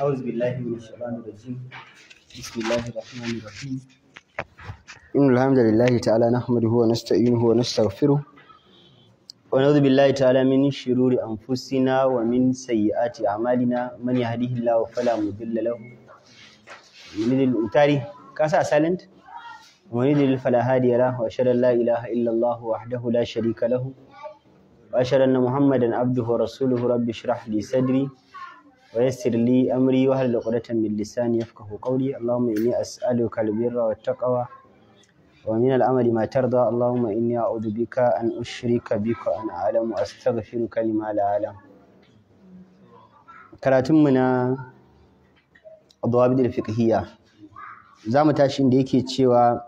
أعوذ بالله من الشيطان الرجيم بسم الله الرحمن الرحيم إن الحمد لله تعالى نحمده ونستعينه ونستغفره ونعوذ بالله تعالى من شرور أنفسنا ومن سيئات أعمالنا من يهديه الله فلا مضل له من الأتاري كاسا سالنت ومن يضلل فلا هادي له وأشهد أن لا إله إلا الله وحده لا شريك له وأشهد أن محمدا عبده ورسوله رب اشرح لي صدري ويسر لي أمري وهل عقدة من لساني يفقه قولي اللهم إني أسألك البر والتقوى ومن الأمر ما ترضى اللهم إني أعوذ بك أن أشرك بك أن أعلم وأستغفرك لما لا أعلم karatunmu الضوابط الفقهية za mu tashi inda yake cewa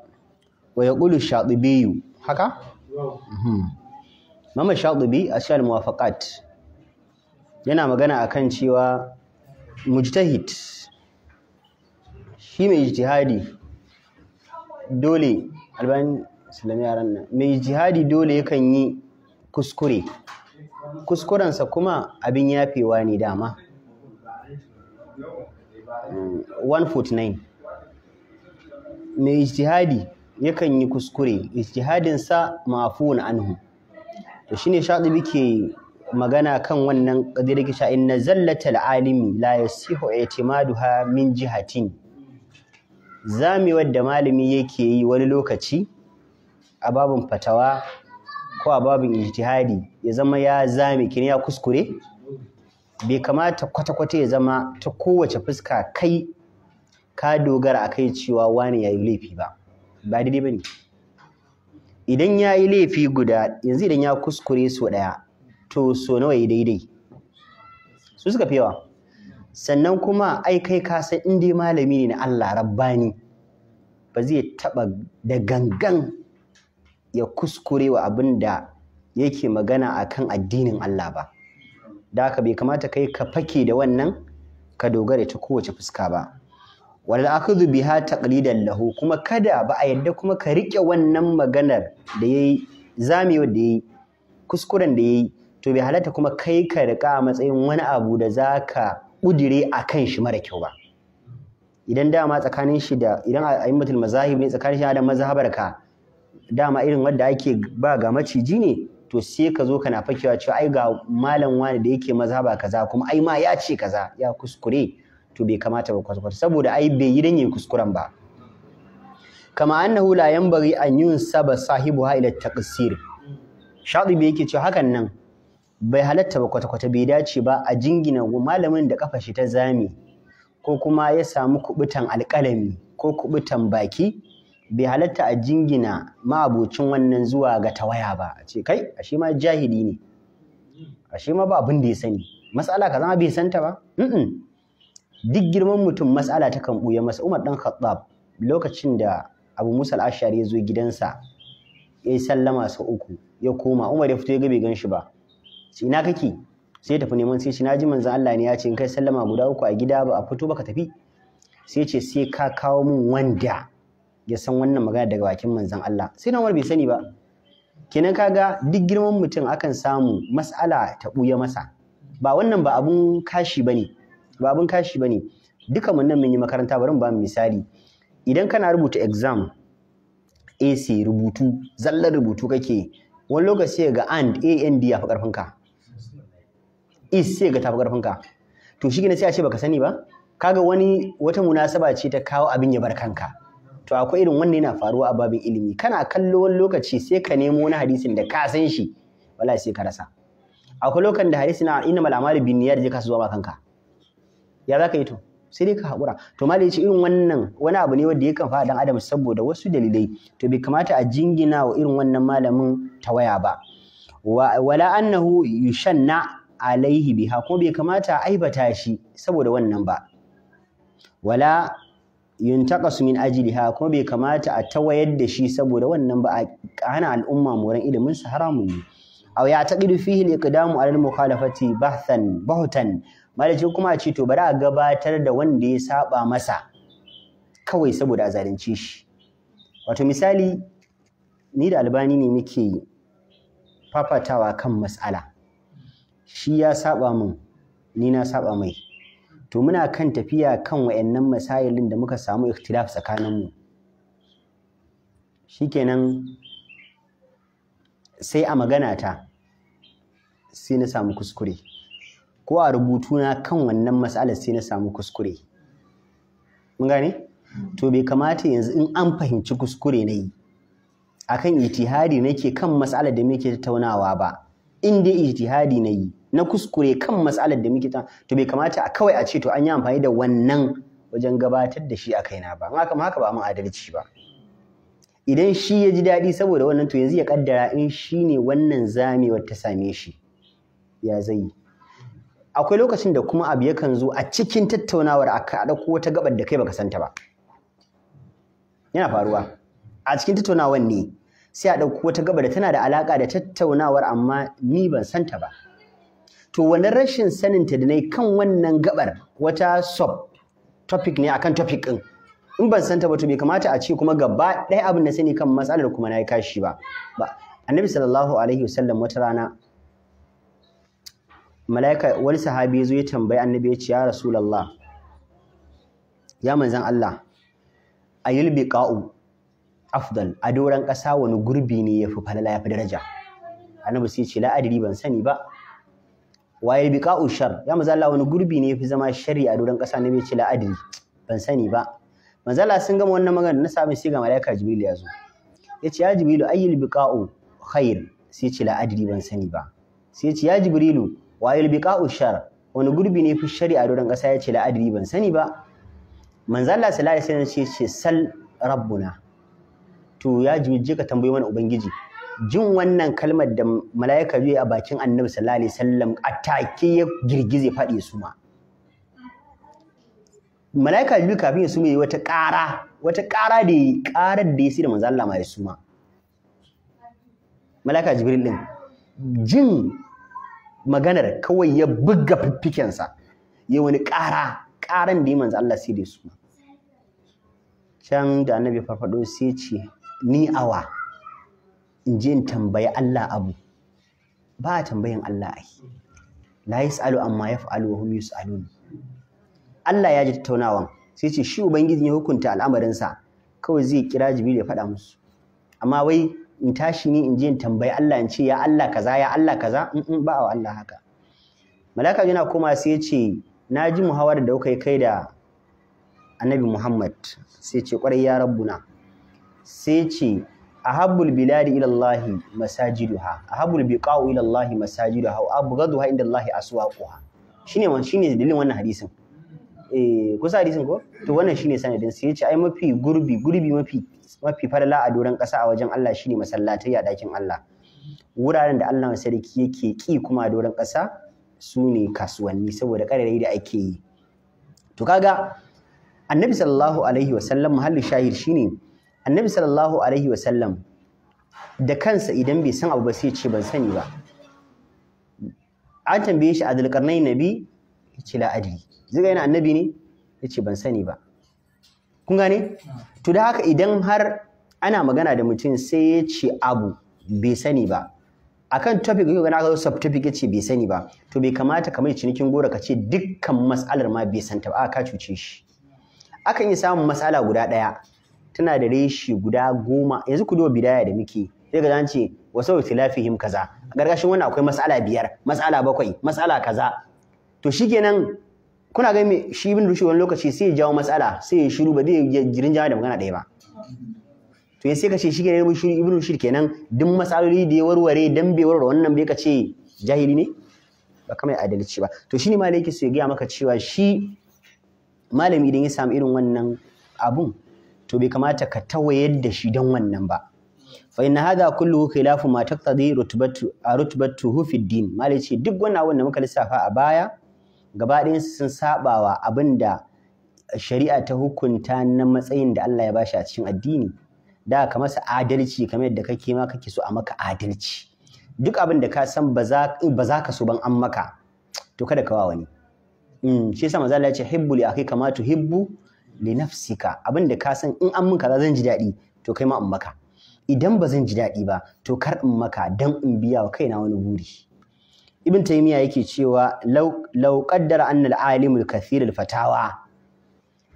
wa ya ƙulu shaɗubiyu haka? mama shaɗubi a shi al-muwafaƙat yana magana a kan cewa mujtahid shi mai jihadi dole albani islami yaran nan mai jihadi dole yakan yi kuskure kuskurensa kuma abin yafewa ne dama 149 mm, mai ijtihadi yakan yi kuskure ijtihadinsa wani anhu to shine shadibi ke magana kan wannan ƙadirin kisha inna zallatal alimi la yasihu i'timaduha min jihatin zami wadda malami yake yi wani lokaci a babin fatawa ko a babin ijtihadi ya zama ya zame kin ya kuskure bai kamata kwata-kwata ya zama ta kowace fuska kai ka dogara akai cewa wani ya yi laifi ba ba daidai bane idan ya laifi guda yanzu idan ya kuskure su ɗaya to so nawa yi daidai su suka fi yawa sannan kuma ai kai ka san in malami ne na Allah rabbani ba zai taba da gangan ya kuskure wa abin da yake magana akan addinin Allah ba da haka bai kamata kai ka fake da wannan ka dogara ta kowace fuska ba wal akhudhu biha taqlidan lahu kuma kada ba a yadda kuma ka rike wannan maganar da yayi zamewa da yayi kuskuren da yayi to bai halatta kuma kai ka riƙa a matsayin wani abu da za ka ƙudire a kan shi mara kyau ba idan dama tsakanin shi da idan a mutum mazahib ne tsakanin shi da mazhabar ka dama irin wanda ake ba ga maciji ne to sai ka zo kana fakewa cewa ai ga malam wani da yake mazhaba kaza kuma ai ma ya ce kaza ya kuskure to bai kamata ba kwata saboda ai bai yi dan kuskuren ba kama annahu la yanbaghi an yunsaba ha ila taqsir bai yake cewa hakan nan bai halatta ba kwata-kwata bai dace ba a jingina malamin da kafa shi ta zame ko kuma ya samu kubutan alƙalami ko kubutan baki bai halatta a jingina ma'abocin wannan zuwa ga tawaya ba a ce kai a shi ma jahili ne a shi ma ba abin da ya sani matsala ka zama bai santa ba duk girman mutum matsala ta kan ɓuya masa umar ɗan khattab lokacin da abu musa al'ashari ya zo gidansa ya yi sallama sau uku ya koma umar ya fito ya ga bai gan shi ba Sai ina kake sai tafi neman sai shi na ji manzo Allah ne ya ce in kai sallama guda uku a gida ba a fito baka tafi sai ce sai ka kawo min wanda ya san wannan magana daga bakin manzon Allah sai na bai sani ba kenan kaga duk girman mutum akan samu mas'ala ta buya masa ba wannan ba abun kashi bane ba abun kashi bane duka mun nan mun yi makaranta bari mu ba misali idan kana rubuta exam AC rubutu zallar rubutu kake wani lokaci ga and AND ya fi karfinka is sai ga tafi karfin to shi ne sai a ce baka sani ba kaga wani wata munasaba ce ta kawo abin ya bar kanka to akwai irin wannan yana faruwa a babin ilimi kana kallo wani lokaci sai ka nemo wani hadisin da ka san shi wala sai ka rasa akwai lokacin da hadisi na inna mal amali bin niyyati ka zuwa ba kanka ya zaka yi to sai dai ka haƙura to malai ce irin wannan wani abu ne wanda ya kan fara dan adam saboda wasu dalilai to bai kamata a jingina wa irin wannan malamin tawaya ba wala annahu yushanna alaihi biha kuma bai kamata a aibata shi saboda wannan ba wala yuntaqasu min ajliha kuma bai kamata a tawayar da shi saboda wannan ba a hana al'umma moran ilimin su haramu ne aw ya taqidu fihi al-iqdamu ala al-mukhalafati bahthan bahtan malaji kuma a ce to bari a gabatar da wanda ya saba masa kawai saboda a zalunce shi wato misali ni da albani ne muke fafatawa kan mas'ala shi ya saba min ni na saba mai to muna kan tafiya kan wayannan masayilin da muka samu ikhtilaf mu. shikenan sai a magana ta sai na samu kuskure ko a rubutu na kan wannan mas'alar sai na samu kuskure mun gane to bai kamata yanzu in an fahimci kuskure na yi akan itihadi nake kan mas'alar da muke tattaunawa ba in dai ijtihadi na yi na kuskure kan matsalar da muke ta to bai kamata a kawai a ce to an yi amfani da wannan wajen gabatar da shi a kaina ba haka ma haka ba mun adalci ba idan shi ya ji daɗi saboda wannan to yanzu ya kaddara in shi ne wannan zame ta same shi ya zai yi akwai lokacin da kuma abu yakan zo a cikin tattaunawar a ɗauko wata gabar da kai baka santa ba yana faruwa a cikin tattaunawar ne sai a ɗauko wata gaba da tana da alaƙa da tattaunawar amma ni ban santa ba to wani rashin saninta da na yi kan wannan gabar wata sub topic ne akan topic ɗin in ban santa ba to bai kamata a ce kuma gaba ɗaya abin da sani kan matsalar kuma na yi kashi ba annabi sallallahu alaihi wasallam wata rana mala'ika wani sahabi zo ya tambayi annabi ya ce ya rasulullah ya manzan Allah ayul biqa'u afdal a doron ƙasa wani gurbi ne ya fi falala ya fi daraja annabi sai ce la'adiri ban sani ba waye ka'u shar ya maza Allah wani gurbi ne ya fi zama shari a doron ƙasa annabi ce la'adiri ban sani ba manzo Allah sun gama wannan magana na sami sai ga malaika jibril ya zo ya ce ya jibrilu ayyul biqa'u khair sai ce la'adiri ban sani ba sai ce ya jibrilu waye biqa'u shar wani gurbi ne fi shari a doron ƙasa ya ce la'adiri ban sani ba manzo Allah sallallahu alaihi wasallam ce sal rabbuna to ya je ka tambayi mana ubangiji jin wannan kalmar da mala'ika biyu a bakin annabi sallallahu alaihi wasallam atake ya girgize faɗi su ma mala'ika biyu kafin ya mai wata ƙara wata ƙara da yi ƙarar da ya sai da manzo Allah ma ya suma mala'ika jibril din jin maganar kawai ya buga fiffikensa ya wani ƙara ƙaran da ya manzo Allah sai da ya suma can da annabi farfado sai ce ni awa in je in tambayi Allah abu ba a tambayin Allah ai la yas'alu amma yaf'alu wa hum yus'alun Allah ya ji tattaunawan sai ce shi ubangiji ya hukunta al'amarinsa kawai zai kira Jibril ya faɗa musu amma wai in tashi ni in je in tambayi Allah in ce ya Allah kaza ya Allah kaza in ba wa Allah haka malaka yana koma sai ya ce na ji muhawarar da kuka yi kai da annabi Muhammad sai ce kwarai ya rabbuna sai ce ahabbul biladi ilallahi masajiduha a biqa'u ila ilallahi masajiduha wa abghaduha inda Allah suwa shine shi ne dalilin wannan hadisin eh kusa hadisin ko to wannan shi ne sanadin sai ce ai mafi gurbi gurbi mafi mafi farla a doron ƙasa a wajen Allah shi ne masallatai a ɗakin Allah wuraren da Allah sarki yake ki kuma a doron ƙasa su ne kasuwanni saboda kararai da ake yi to kaga annabi sallallahu alaihi wasallam mahallin shahir shine annabi sallallahu alaihi wasallam da kansa idan bai san abu ba sai ce ban sani ba an tambaye shi adalkarnai nabi ya ce la adri ziga yana annabi ne ya ce ban sani ba kun gane to da haka idan har ana magana da mutum sai ya ce abu bai sani ba akan topic yau gana zo sub ya ce bai sani ba to bai kamata kamar cinikin gora ka ce dukkan mas'alar ma bai santa ba ka cuce shi akan yi samun mas'ala guda ɗaya tana da reshi guda goma yanzu ku duba bidaya da muke sai ga ce wa sau tilafihim kaza a gargashin wannan akwai mas'ala biyar mas'ala bakwai mas'ala kaza to shikenan kuna ga shi ibn rushd wani lokaci sai ya jawo mas'ala sai ya shiru ba zai jirin jawo da magana ɗaya ba to sai ka ce shi kenan shiru ibn rushd kenan duk mas'aloli da ya warware dan bai warware wannan bai ka ce jahili ne ba kamar adalci ba to shine malai su ya gaya maka cewa shi malami idan ya samu irin wannan abun to bai kamata ka tawayar da shi don wannan ba fa inna hadha kulluhu khilafu ma taqtadi rutbatu rutbatuhu fi din malai ce duk wannan abin da muka lissafa a baya gaba ɗayan sun sabawa abinda shari'a ta hukunta na matsayin da Allah ya bashi a cikin addini da ka masa adalci kamar yadda kake ma kake so a maka adalci duk abin da ka san ba za ka so ban an maka to kada ka wa wani hmm, shi yasa manzo Allah ya ce hibbu li akhi kama tuhibbu li abin abinda ka san in an min kaza zan ji daɗi to kai ma in maka idan ba zan ji daɗi ba to kar in maka dan in biya wa kaina wani buri ibn taymiya yake cewa law qaddara anna al-alim al-kathir al-fatawa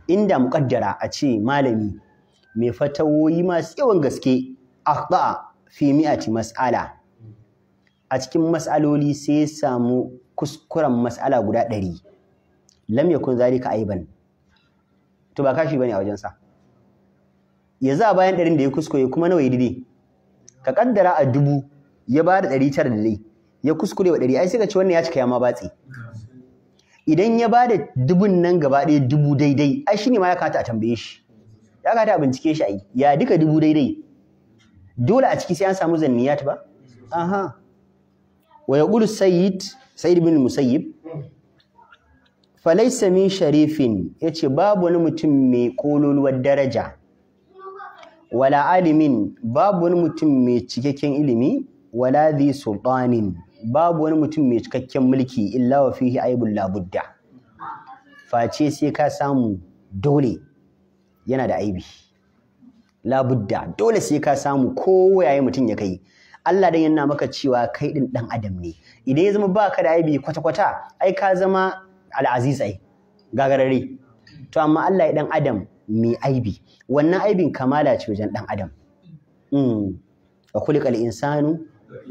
inda muqaddara a ce malami mai fatawoyi masu yawan gaske akhta fi mi'ati mas'ala a cikin mas'aloli sai ya samu kuskuren mas'ala guda ɗari lam yakun zalika aiban to ba kashi bane a wajensa Ya a bayan ɗarin da ya kuskure kuma nawa ya dide ka kaddara a dubu ya ba da ɗari tara da dai ya kuskure wa ɗari ai sai ka ce wannan ya cika ya ma batse idan ya ba da dubun nan gaba ɗaya dubu daidai ai shi ne ma ya kata a tambaye shi ya kata a bincike shi ai ya duka dubu daidai dole a ciki sai an samu zanniyat ba aha wa yaqulu sayyid sayyid bin musayyib falaisa min sharifin ya ce, babu wani mutum mai kololuwar daraja wala alimin babu wani mutum mai cikakken ilimi wala Zai sultanin babu wani mutum mai cikakken mulki illa wa fihi aibun labudda face sai ka samu dole yana da aibi labudda dole sai ka samu ko yayi mutum ya kai Allah dan yana maka cewa kai din dan adam ne idan ya zama baka da aibi kwata kwata ai ka zama al'aziz ai gagarare to amma Allah ya dan adam mai aibi wannan aibin kamala ce wajen dan adam mm wa khuliqal insanu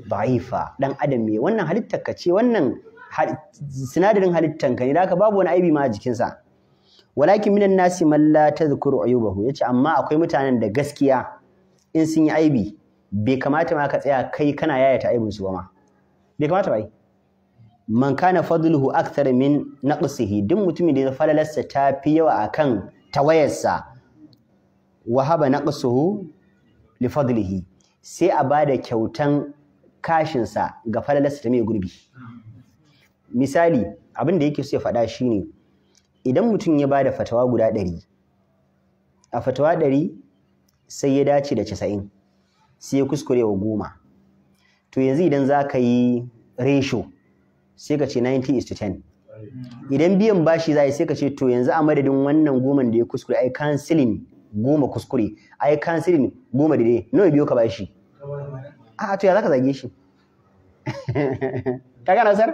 da'ifa dan adam mai wannan halittar ka ce wannan sinadarin halittar ka ne da babu wani aibi ma a jikinsa walakin minan nasi man la tadhkuru ayubahu yace amma akwai mutanen da gaskiya in sun yi aibi bai kamata ma ka tsaya kai kana yayata aibinsu ba ma bai kamata ba ai man kana fadluhu akthar min naqsihi duk mutumin da falalarsa ta fi yawa akan tawayarsa wahaba naqsuhu li fadlihi sai a bada kyautan kashinsa ga falalarsa ta mai gurbi misali abin da yake so ya faɗa shine idan mutum ya bada fatawa guda ɗari a fatawa ɗari sai ya dace da casa'in sai ya kuskure wa goma to yanzu idan za ka yi ratio sai ka ce 90 is to 10 idan biyan bashi za sai ka ce to yanzu a madadin wannan goma da ya kuskure ai kansilin goma kuskure ai kansilin goma da dai nawa biyo ka bashi a to ya zaka zage shi ka gana nasar?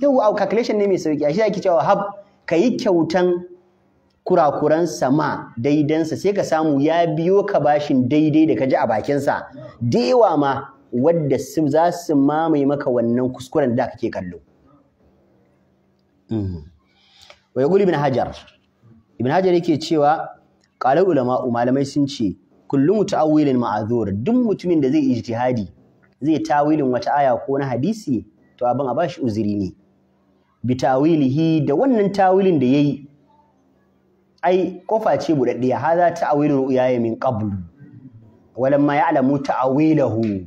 yau au calculation ne mai sauki A shi ake cewa hab yi kyautan kurakuran sama daidansa sai ka samu ya biyo ka bashin daidai da ka ji a bakinsa da yawa ma wadda za su mamaye maka wannan kuskuren da kake kallo Mm. Wai yaqulu bin hajar ibn hajar yake cewa qala ulama malamai sun ce kullu mutaawilin ma'azur duk mutumin da zai ijtihadi zai tawilin wata aya ko na hadisi to abin a bashi uzuri ne bi tawilihi da wannan tawilin da yayi ai kofa ce budaddiya hadha ta'wilu ru'yaya min qablu walamma ya'lamu ta'wilahu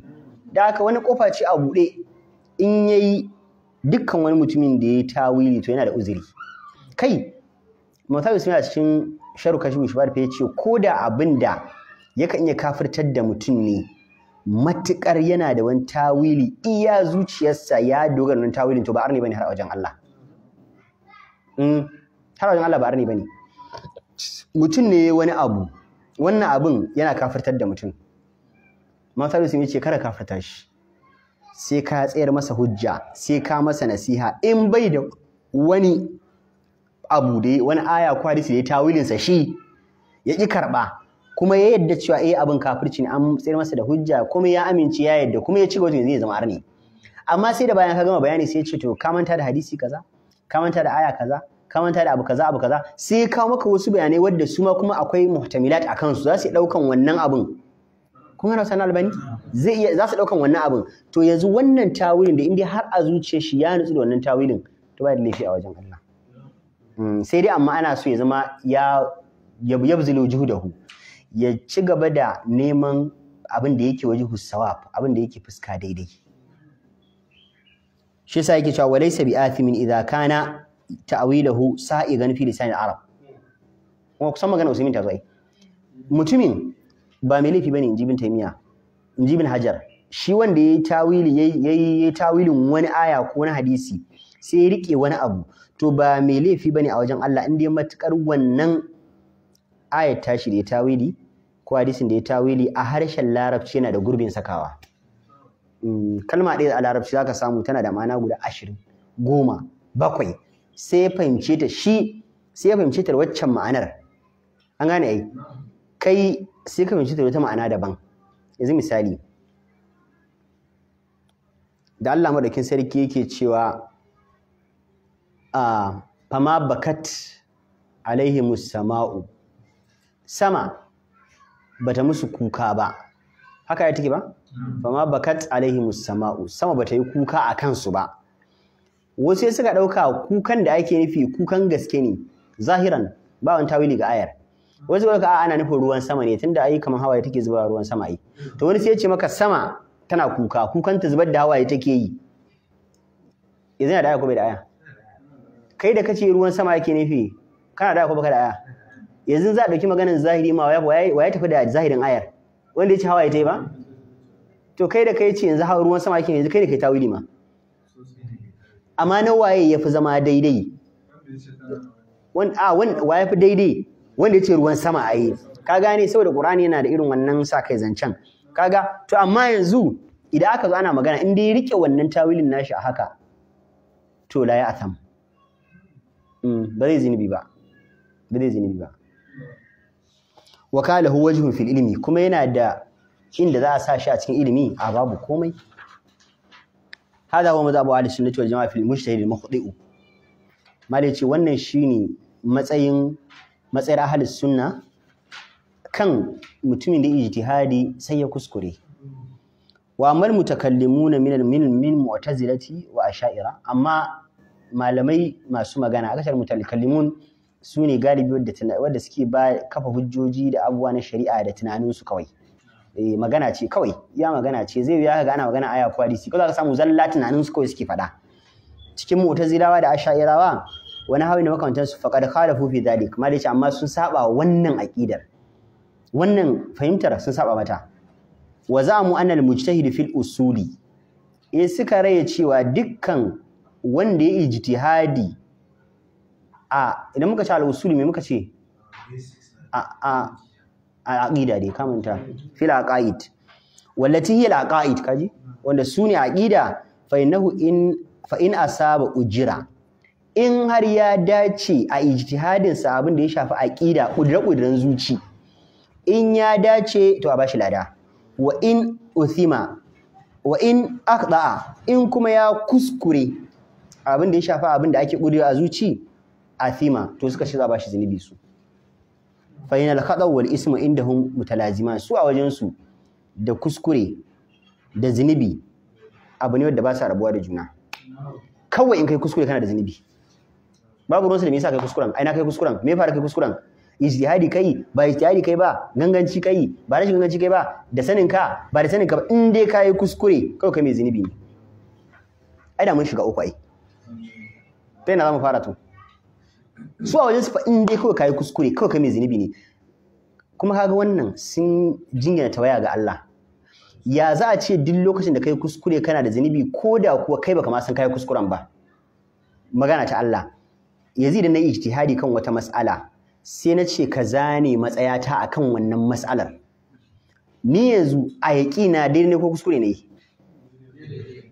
da haka wani kofa ce a bude in yayi dukkan wani mutumin da ya yi tawili to yana da uzuri kai yi suna cikin sharu kashi shubar ya ce ko da abin da yakan iya kafirtar da mutum ne matukar yana da wani tawili iya zuciyarsa ya dogara wani tawilin to ba arni bane har wajen Allah in hmm, har wajen Allah ba arni bane mutum ne wani abu wannan abin yana kafirtar da mutum mutawi sun ce kara kafirta shi sai ka tsayar masa hujja sai ka masa nasiha in bai da wani abu da wani aya kwadisi da ya tawilinsa shi ya ƙi karɓa kuma ya yadda cewa eh abin kafirci ne an tsayar masa da hujja kuma ya amince ya yadda kuma ya ci gaba zai zama arni amma sai da bayan ka gama bayani sai ya ce to ka manta da hadisi kaza ka manta da aya kaza ka manta da abu kaza abu kaza sai ya kawo maka wasu bayanai wadda su ma kuma akwai muhtamilat akan su za su ɗaukan wannan abin kun gane sanar Albani zai iya za su daukan wannan abin to yanzu wannan tawilin da inda har a zuciyar shi ya nutsu da wannan tawilin to ba da laifi a wajen Allah mm, sai dai amma ana so ya zama ya yabzilu juhudahu ya ci gaba da neman abin da yake wajihu sawab abin da yake fuska daidai shi yasa yake cewa walaysa bi athimin idza kana ta'wiluhu sa'igan fi lisan al-arab kuma kusan magana usaimin ta zo ai mutumin ba mai laifi bane in taimiya injibin hajar shi wanda ya yi tawili yi tawilin wani aya ko wani hadisi sai ya rike wani abu to ba mai laifi bane a wajen Allah inda ya matukar wannan ayat tashi da ya tawili ko hadisin da ya tawili a harshen larabci yana da gurbin sakawa mm, kalma ɗaya a larabci zaka samu tana da ma'ana guda ashirin goma bakwai sai ya fahimce ta shi sai ya fahimce ta waccan ma'anar an gane ai kai sai ka fahimci ta wata ma'ana daban yanzu misali da Allah madaukin sarki yake cewa a fama bakat alaihi sama'u sama bata musu kuka ba haka ya take ba fama bakat alaihi sama'u sama bata yi kuka a kansu ba wasu ya suka ɗauka kukan da ake nufi kukan gaske ne zahiran ba wani tawili ga ayar wasu ka a ana nufin ruwan sama ne tunda ai kamar hawaye take zuba ruwan sama ai to wani sai ya ce maka sama tana kuka kukan ta zubar da hawaye take yi yanzu da aya ko bai da aya kai da kace ruwan sama yake nufi kana da aya ko baka da aya yanzu za a dauki maganar zahiri ma waya waya tafi da zahirin ayar wanda ya ce hawaye ta yi ba to kai da kai ce yanzu ruwan sama yake yanzu kai da kai tawili ma amma na waye ya fi zama daidai wani a wani waye fi daidai wanda ya ce ruwan sama a yi. ka ne saboda Qur'ani yana da irin wannan sa kai zancen kaga to amma yanzu idan aka zo ana magana in dai rike wannan tawilin nashi a haka to la ya atham mm, ba zai zinubi ba ba zai zinubi ba huwa wajhun fil ilmi kuma yana da inda za a sa shi a cikin ilimi a babu komai hada huwa mazhabu ahli sunnati wal jamaa fil mujtahid al mukhti'u mali ce wannan shine matsayin matsayar ahalis sunna kan mutumin da ijtihadi sai ya kuskure wa mal mutakallimuna min min min mu'tazilati wa asha'ira amma malamai masu magana akasar mutakallimun su ne galibi wadda suke ba kafa hujjoji da abubuwa na shari'a da tunaninsu kawai eh, magana ce kawai ya magana ce zai wuya ga ana magana aya ko hadisi ko za ka samu zalla tunaninsu kawai suke faɗa cikin mu'tazilawa da asha'irawa wani hawi na makamantansu faqad khalafu fi dhalik kamar ce amma sun saba wannan aƙidar. wannan fahimtar sun saba mata wa za'amu mu al-mujtahid fil usuli eh suka raye cewa dukkan wanda ya ijtihadi a idan muka ce al-usuli me muka ce a a a aqida dai kamanta fil aqaid wallati hiya al-aqaid kaji wanda sune aqida fa innahu in fa in asaba ujira in har ya dace a ijtihadinsa abin da ya shafi aƙida ƙudure-ƙuduren zuci in ya dace to a bashi lada wa in uthima wa in akhda'a in kuma ya kuskure abin da ya shafi abin da ake ƙudure a zuci athima to suka ce za a bashi zunubi su fa ina al-khata wal ismu indahum su a wajen su da kuskure da zunubi abu ne wanda ba sa rabuwa da juna kawai in kai kuskure kana da zunubi babu ruwansu da me yasa kai kuskuren ai na kai kuskuren me fara kai kuskuren ijtihadi kai ba ijtihadi kai ba ganganci kai ba rashin ganganci kai ba da sanin ka ba da sanin ka ba in dai kai kuskure kawai kai mai zinubi ne ai da mun shiga uku ai ta yana zamu fara to su a wajen su fa in dai kawai kai kuskure kawai kai mai zinubi ne kuma kaga wannan sun jingina tawaya ga Allah ya za a ce duk lokacin da kai kuskure kana da zinubi ko da kuwa kai baka ma san kai kuskuren ba magana ta Allah yazid na ijtihadi kan wata mas'ala sai na ce ka zane matsayata akan wannan mas'alar ni yanzu a yaƙina daidai ne ko kuskure ne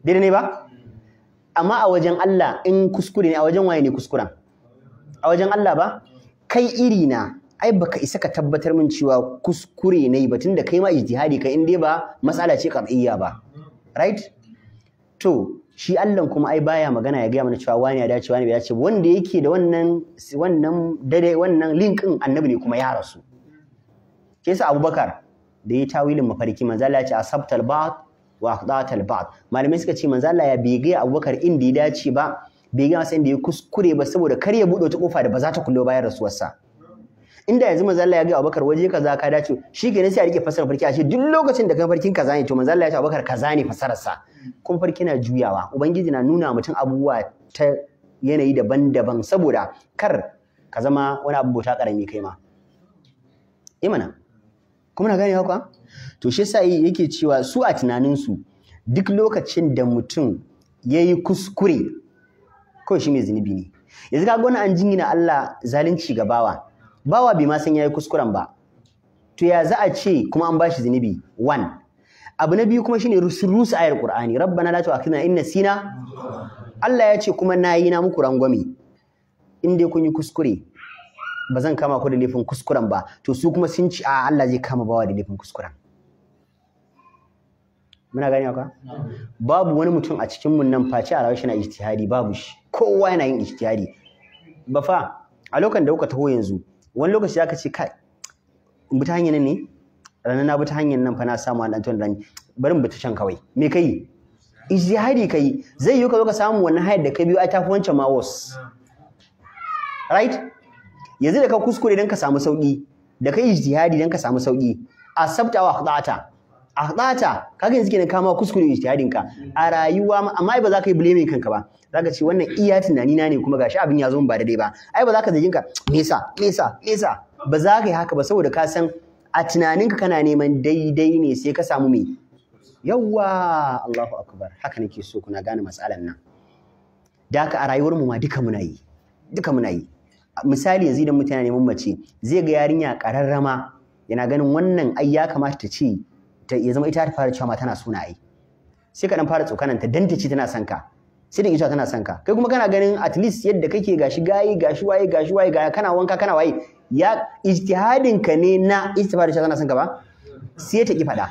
daidai ne ba amma a wajen Allah in kuskure ne a wajen waye ne kuskuren a wajen Allah ba kai iri na ai baka isa ka tabbatar min cewa kuskure ne ba, da kai ma ijtihadi ka in dai ba matsala ce qat'iyya ba right to shi Allah kuma ai baya magana ya gaya mana cewa wani ya dace wani bai dace wanda yake da wannan wannan dare wannan linkin annabi ne kuma ya rasu ke sa Abubakar da yi tawilin mafarki manzo Allah ya ce asabtal ba'd wa aqdatal ba'd malamai suka ce manzo Allah ya bege gaya Abubakar inda ya dace ba bege ga masa inda ya kuskure ba saboda kar ya bude wata kofa da ba za ta kullo bayan rasuwarsa inda yanzu manzo Allah ya ga Abubakar waje kaza ka dace shi kenan sai a rike fasara farki ce. duk lokacin da ka farkin kaza ne to manzo Allah ya ce Abubakar kaza ne fasarar sa kuma farki na juyawa ubangiji na nuna mutum abubuwa ta yanayi daban-daban saboda kar ka zama wani abu bauta karami kai ma imana eh kuma na gane haka to shi yasa yake cewa su a tunanin su duk lokacin da mutum yayi kuskure kawai shi mai zunubi ne yanzu ka wani an jingina Allah zalunci ga bawa bi ma san yayi kuskuren ba to ya za a ce kuma an bashi zunubi one abu na biyu kuma shine rusu ayar qur'ani rabbana la tu'akhidna in nasina Allah ya ce kuma nayi na muku rangwame in dai kun yi kuskure ba zan kama ku da laifin kuskuren ba to su kuma sun ci a Allah zai kama bawa da laifin kuskuren muna gani ka babu wani mutum a cikin mun nan face a rawar shi na ijtihadi babu shi kowa yana yin ijtihadi ba fa a lokacin da kuka taho yanzu wani lokaci zaka ce kai bi ta hanyar ne ranar na bi ta hanyar nan fa na samu an tuwon rani bari bi ta can kawai me kai ijtihadi kai zai yi ka zo ka samu wannan hayar da kai biyu ai tafi wancan ma was right yanzu da ka kuskure dan ka samu sauki da kai ijtihadi dan ka samu sauki asabta wa khata'ata a ka kaga yanzu kenan kama kuskure ijtihadin ka a rayuwa amma ba za ka yi blaming kanka ba Za ka ce wannan iya tunani na ne kuma gashi abin ya zo ba daidai ba ai ba za ka zagin ka me yasa me ba za ka yi haka ba saboda ka san a tunaninka kana neman daidai ne sai ka samu mai. Yawwa, Allahu akbar haka nake so kuna gane matsalan nan da ka a rayuwar mu ma duka muna yi duka muna yi misali yanzu idan mutane neman mace zai ga yarinya kararrama yana ganin wannan ai ya kamata ta ce ya zama ita ta fara cewa ma tana suna ai sai ka dan fara tsokanan ta dan ta tana son ka sai da cewa tana son ka kai kuma kana ganin at least yadda kake gashi gayi gashi waye gashi waye gaya kana wanka kana waye ya ijtihadin ka ne na istifara cewa tana son ka ba sai ta ki faɗa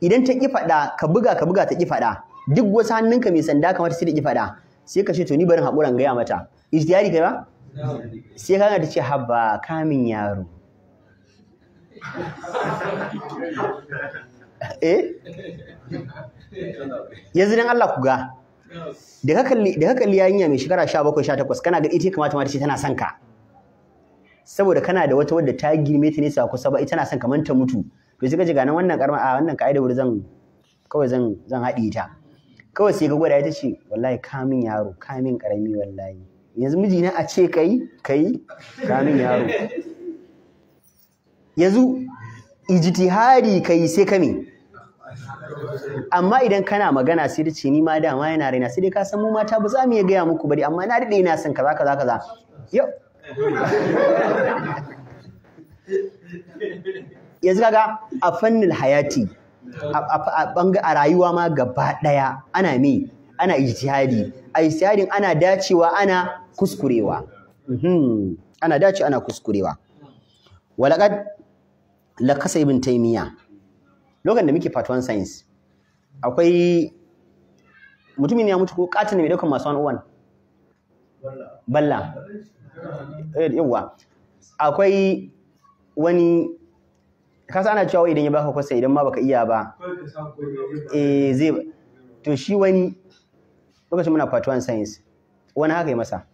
idan ta ki faɗa ka buga ka buga ta ki faɗa duk wasu hannunka mai sanda kamar sai ta ki faɗa sai ka ce to ni barin haƙuran gaya mata ijtihadi kai ba sai kana ta ce habba kamin yaro eh yanzu dan Allah ku ga da ka kalli da ka kalli yarinya mai shekara 17 18 kana ga ita kamata mata ta ce tana son ka saboda kana da wata wadda ta girme ta ne sa kusa ba ita na son kamar ta mutu to sai ka ji ganin wannan karma a wannan kaida wuri zan kawai zan zan haɗe ta kawai sai ka gwada ita ce wallahi kamin yaro kamin karami wallahi yanzu mijina a ce kai kai kamin yaro yanzu ijtihadi kai sai ka me amma idan kana magana sai da ce ni ma dama yana raina sai dai ka san mu mata ba za mu iya gaya muku bari amma na daɗe ina son kaza kaza kaza yau yanzu kaga a fannin hayati a rayuwa ma gaba ɗaya ana me ana ijtihadi a ijtihadin ana dacewa ana kuskurewa mhm. ana dace ana kuskurewa walaqad lakasa ibn taimiya lokacin da muke part 1 science akwai mutumin ya mutu ko katin mai daukan masu wani uwan, oh balla eh, yawwa akwai wani kasa ana cewa idan ya baka kwasa idan ma baka iya ba eh zai to shi wani lokacin muna part 1 science wani haka yi masa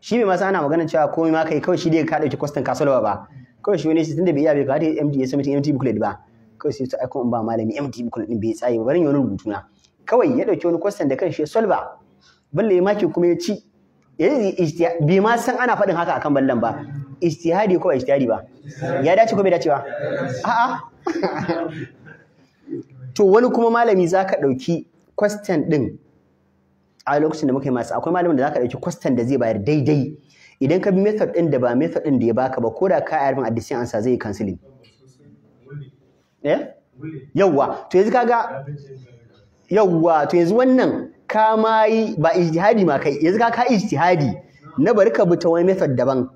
shi bai masa ana magana cewa komai ma kai kawai shi dai ka dauki kwastin kasalwa ba kawai shi wani shi tunda bai iya abin ka hata MD ya tun md booklet ba kawai sai ta aiko in ba malami md booklet din bai tsaye ba barin wani rubutu na kawai ya dauki wani kwastan da kan shi ya solva balle ya maki kuma ya ci bai ma san ana faɗin haka akan ballan ba istihadi ko ba istihadi ba ya dace ko bai dace ba a'a to wani kuma malami zaka dauki kwastan din a lokacin da muka yi masa akwai malamin da zaka dauki kwastan da zai bayar daidai idan ka bi method ɗin da ba method ɗin da ya baka ba ko da ka yi addition answer zai canceling eh yawwa to yanzu kaga yawwa to yanzu wannan ka ma yi ba ijtihadi ma kai yanzu ka ka ijtihadi na bari ka buta wani method daban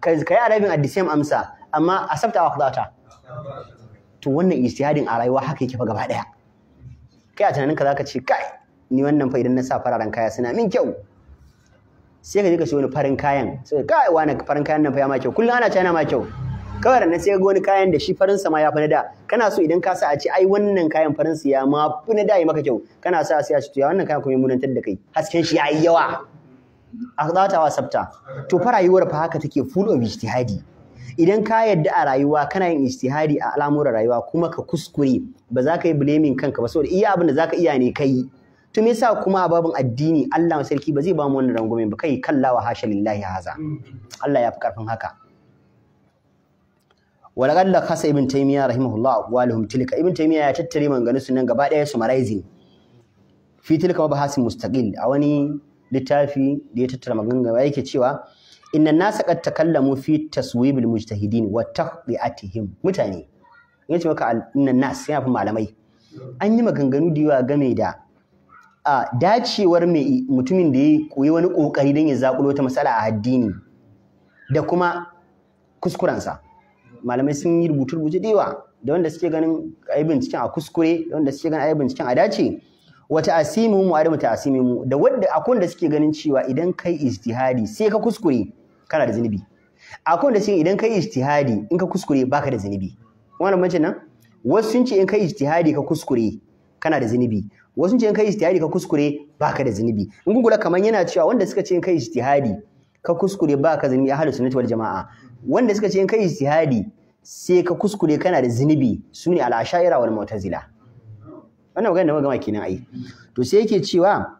ka yi arabin at the same amsa amma a sabta wa kudata to wannan ijtihadin a rayuwa haka yake fa gaba daya kai a tunaninka zaka ce kai ni wannan fa idan na sa fararen kaya suna min kyau sai ka je ka siyo wani farin kayan sai kai wani farin kayan nan fa ya ma kyau ana cana ma kyau kawai ranar sai ga wani kayan da shi farin sa ma ya fi na da kana so idan ka sa a ce ai wannan kayan farin sa ya ma fi na da maka kyau kana sa sai a ce to ya wannan kayan kuma munantar da kai hasken shi yayi yawa A zata wa sabta to fa rayuwar fa haka take full of ijtihadi idan ka yadda a rayuwa kana yin ijtihadi a al'amuran rayuwa kuma ka kuskure ba za ka yi blaming kanka ba saboda iya abin da za ka iya ne kai to me yasa kuma a babin addini Allah sarki ba zai ba mu wannan rangume ba kai kallawa hasha lillahi haza Allah ya fi karfin haka walaqad la khasa ibn taymiya rahimahullah aqwaluhum tilka ibn taymiya ya tattare manganu sunan gaba daya summarizing fi tilka hasin mustaqil a wani littafi da ya tattara ba yake cewa inna nasa qad takallamu fi taswibil mujtahidin wa taqdiatihim mutane yace maka inna nas yana fi malamai an yi maganganu da yawa game da a dacewar mai mutumin da ya koyi wani kokari don ya zaƙulo ta matsala a addini da kuma kuskurensa malamai sun yi rubutu rubutu da yawa da wanda suke ganin aibin cikin a kuskure da wanda suke ganin aibin cikin a dace wata asimi mu adamu ta asimi mu da wanda akwai wanda suke ganin cewa idan kai ijtihadi sai ka kuskure kana da zunubi akwai wanda suke idan kai ijtihadi in ka kuskure baka da zunubi wannan mace nan wasu sun ce in kai ijtihadi ka kuskure kana da zunubi wasu ce in kai ijtihadi ka kuskure baka da zunubi in gugula kamar yana cewa wanda suka ce in kai ijtihadi ka kuskure baka zunubi ahlus sunnati wal jamaa wanda suka ce in kai ijtihadi sai ka kuskure kana da zunubi sune al ashaira wal mu'tazila wannan magana da muka gama kenan ai to sai yake cewa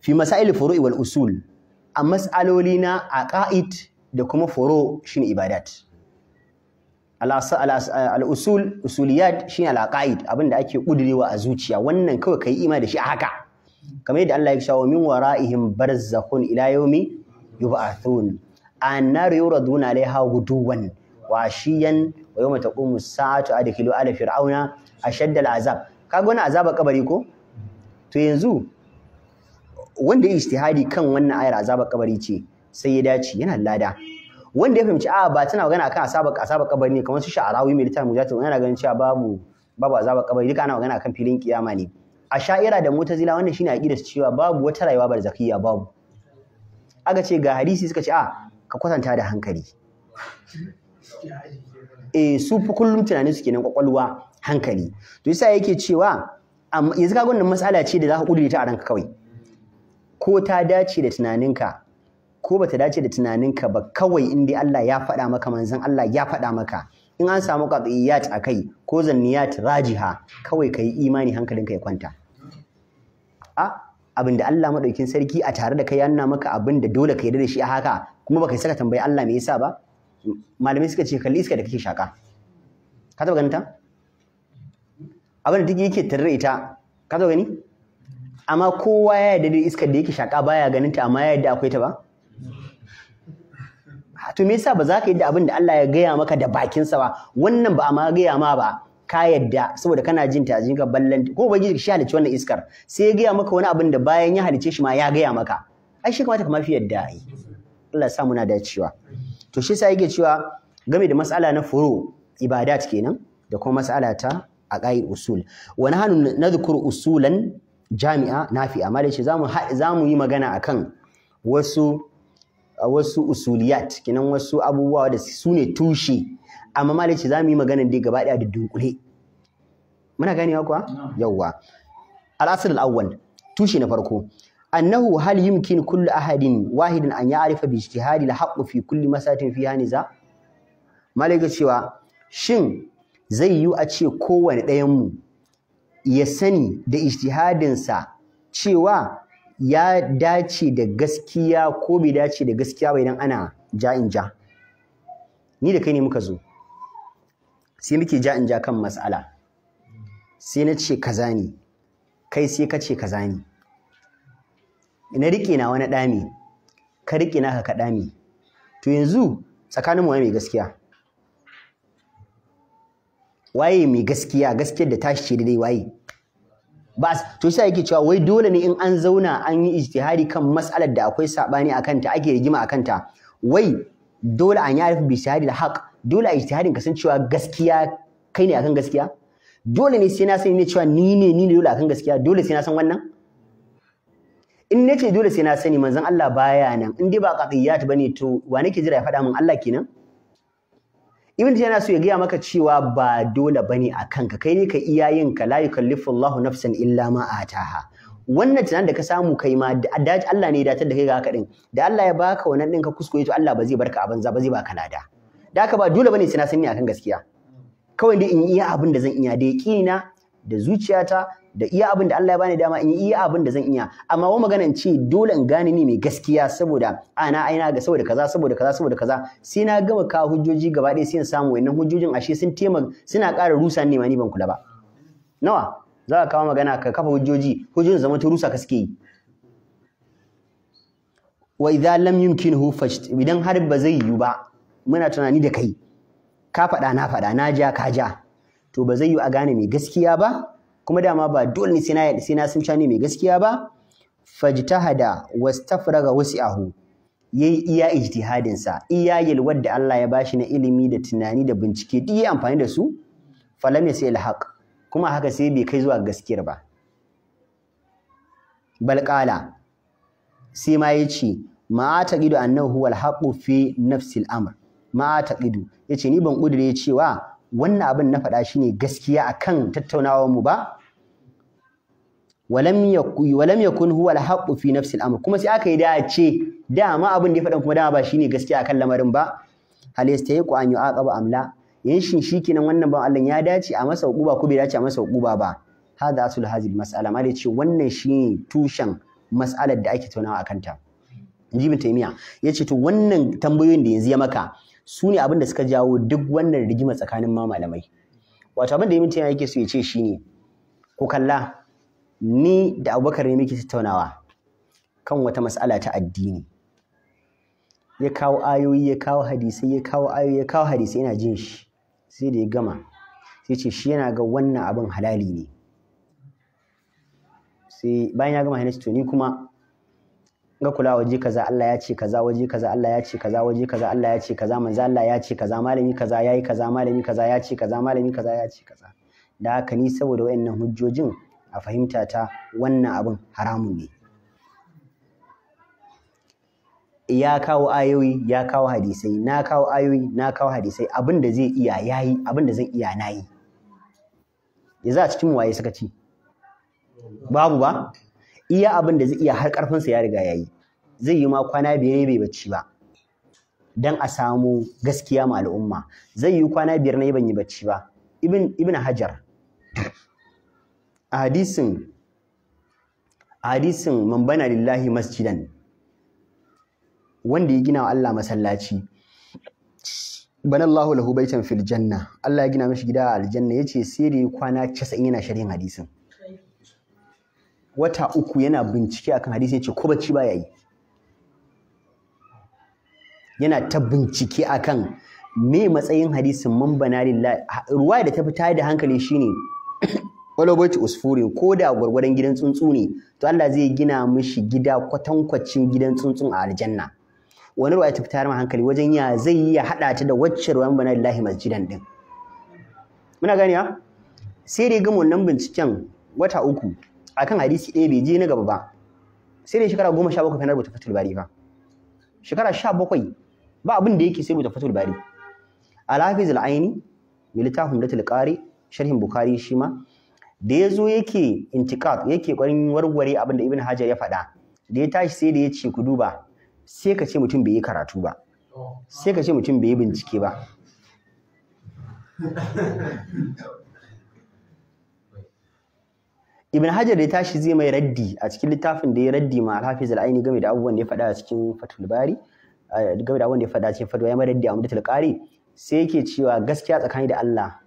fi masail furu'i wal usul a mas'aloli na aqaid da kuma furu shine ibadat al'usul usuliyat shine abin abinda ake ƙudurewa a zuciya wannan kawai ka yi ima da shi a haka kamar yadda Allah ya shawo min wara'ihim barzakun ila yawmi yub'athun annar yuraduna alaiha guduwan wa shiyan wa yawma taqumu saatu adkhilu ala fir'auna ashadda al'azab kaga wannan azaba kabari ko to yanzu wanda ya ijtihadi kan wannan ayar azaba kabari ce sai ya dace yana lada wanda ya fahimci a ah, ba tana magana akan asabar asabar kabari ne kamar su sha'arawi mai littafin mujahid yana ganin cewa babu babu azabar kabari duka ana magana akan filin kiyama ne a sha'ira da mutazila wannan shine aqida su cewa babu wata rayuwa zakiyya babu aka ce ga hadisi suka ce a ah, ka kwatanta da hankali eh su fi kullum tunanin su kenan kwakwalwa hankali to yasa yake cewa yanzu ka gwanin matsala ce da za ka kudure ta a ranka kawai ko ta dace da tunaninka ko bata dace da tunaninka ba kawai in dai Allah ya faɗa maka manzon Allah ya faɗa maka in an samu qat'iyat akai ko zanniyat rajiha kawai kai imani hankalinka ya kwanta a abin da Allah madaukin sarki a tare da kai yana maka abin da dole ka yarda da shi a haka kuma baka saka tambayi Allah me yasa ba malamai suka ce kalli iska da kake shaka ka taba ganin ta abin da duk yake tarre ita ka taba gani amma kowa ya yarda da iskar da yake shaka baya ganin ta amma ya yarda akwai ta ba to me yasa ba za ka yi da abin da Allah ya gaya maka da bakinsa ba wannan ba a ma gaya ma ba ka yadda saboda kana jin ta jinka ballan ko ubangiji shi halice wannan iskar sai ya gaya maka wani abin da bayan ya halicce shi ma ya gaya maka ai shi kamata ka mafi yadda ai Allah ya sa muna dacewa to shi yasa yake cewa game da mas'ala na furu ibadat kenan da kuma mas'ala ta aqaid usul hannu nahnu nadhkuru usulan jami'a nafi'a amma da shi zamu zamu yi magana akan wasu wasu usuliyat kinan wasu abubuwa da su ne tushe amma malai ce za mu yi magana dai gaba ɗaya da dunkule muna ganewa kuwa yawwa al-asr tushe na farko annahu hal yumkin kullu ahadin wahidin an ya'rifa bi ijtihadi al-haqqu fi kulli masatin fiha niza malai cewa shin zai yiwu a ce kowane ɗayan mu ya sani da sa cewa ya dace da gaskiya ko bai dace da gaskiya ba idan ana ja in ja ni da kai ne muka zo sai muke ja in ja kan mas'ala sai na ce kaza ne kai sai ka ce kaza ne na riƙe na wani ɗami ka riƙe naka ka ɗami to yanzu tsakanin mu mai gaskiya waye mai gaskiya gaskiyar da tashi ce dai waye ba to sai yake cewa wai dole ne in an zauna an yi ijtihadi kan mas'alar da akwai sabani akan ta ake rigima akan ta wai dole an yarfi bi shahadi da haq dole a ijtihadin ka san cewa gaskiya kai ne akan gaskiya dole ne sai na sani ne cewa ni ne ni ne dole akan gaskiya dole sai na san wannan in nace dole sai na sani manzon Allah baya nan in dai ba qadiyat bane to wa nake jira ya faɗa min Allah kenan Ibn yana so ya gaya maka cewa ba dole bane a kanka kai ne ka iya yin ka la yukallifu Allahu nafsan illa ma ataha wannan tunan da ka samu kai ma da Allah ne ya datar da kai ga haka din da Allah ya baka wannan din ka kuskure to Allah ba zai barka a banza ba zai baka lada da haka ba dole bane sai na sani akan gaskiya kawai dai in iya abin da zan iya da yaqina da zuciyata da iya abin da Allah ya bani dama in yi iya abin da zan iya amma wa magana in ce dole in gane ni mai gaskiya saboda ana aina ga saboda kaza saboda kaza saboda kaza sai na gama kawo hujjoji gaba ɗaya sai in samu wannan hujjojin ashe sun taimaka suna ƙara rusa ne ma ni ban kula ba nawa za ka kawo magana ka kafa hujjoji hujjojin zama ta rusa ka suke yi wa idza lam yumkinhu fajt idan har ba zai yiwu ba muna tunani da kai ka faɗa na faɗa na ja ka ja to ba zai yiwu a gane mai gaskiya ba kuma dama ba dole ne sai na sun cani mai gaskiya ba fajtahada wastafraga wasi'ahu yayi iya ijtihadin sa iya yalwar da Allah ya bashi na ilimi da tunani da bincike duk amfani da su falam ya sai alhaq kuma haka sai bai kai zuwa gaskiyar ba bal qala sai ma yace ma taqidu annahu huwal haqu fi nafsil amr ma taqidu yace ni ban kudure cewa wannan abin na faɗa shine gaskiya akan tattaunawar mu ba walam yakun huwa alhaqqu fi nafsi al'amr kuma sai aka yi dace dama abin da ya faɗa kuma dama ba shine gaskiya akan lamarin ba hal yastahiqu an yu'aqaba amla yin shin shikenan wannan ban Allah ya dace a masa hukuba ko bai dace a masa hukuba ba hada asul hadhihi mas'ala mali ce wannan shine tushen mas'alar da ake tunawa akan ta inji bin taymiya yace to wannan tambayoyin da yanzu ya maka su ne abin da suka jawo duk wannan rigima tsakanin ma malamai wato abin da yimin taymiya yake so ya ce shine ko kalla ni da abubakar ne muke tattaunawa kan wata mas'ala ta addini ya kawo ayoyi ya kawo hadisai ya kawo ayoyi ya kawo hadisai yana jin shi sai da ya gama sai ce shi yana ga wannan abin halali ne sai bayan ya gama hadisi to ni kuma ga kula waje kaza Allah ya ce kaza waje kaza Allah ya ce kaza waje kaza Allah ya ce kaza manzo Allah ya ce kaza malami kaza yayi kaza malami kaza ya ce kaza malami kaza ya ce kaza da haka ni saboda wayannan hujjojin a fahimta ta wannan abin haramun ne ya kawo ayoyi ya kawo hadisai na kawo ayoyi na kawo hadisai abin da zai iya yayi abin da zai iya nayi ya za a cikin waye suka ci babu ba iya abin da zai iya har ƙarfinsa ya riga yayi zai yi ma kwana biyar bai bacci ba dan a samu gaskiya ma al'umma zai yi kwana biyar na ban yi bacci ba ibn ibn hajar hadisin hadisin man bana lillahi masjidan wanda ya gina wa Allah masallaci bana Allahu lahu baitan fil janna Allah ya gina mishi gida a aljanna yace sai da ya kwana 90 yana sharhin hadisin wata uku yana bincike akan hadisi yace ko bacci ba yayi yana ta bincike akan me matsayin hadisin man lillahi ruwa da ta fita da hankali shine walobaitu usfurin ko da gwargwadon gidan tsuntsu ne to Allah zai gina mishi gida kwatankwacin gidan tsuntsu a aljanna wani ruwa ta fitar hankali wajen ya zai iya haɗa ta da wacce ruwan bana lillahi masjidan din muna gani ya sai dai gama wannan binciken wata uku akan hadisi ɗaya bai je na gaba ba sai dai shekara goma sha bakwai bata fatul bari ba shekara sha bakwai ba abin da yake sai bata fatul bari alhafiz al'aini mai littafin qari sharhin bukari shi ma da ya zo yake intikat yake ƙwarin warware abin da ibn hajar ya faɗa da ya tashi sai da ya ce ku duba sai ka ce mutum bai yi karatu ba sai ka ce mutum bai yi bincike ba ibn hajar da ya tashi zai mai raddi a cikin littafin da ya raddi ma alhafiz al'aini game da abubuwan da ya faɗa a cikin fatul bari game da abubuwan da ya faɗa a cikin fatwa ya mai raddi a mudatul qari sai yake cewa gaskiya tsakani da Allah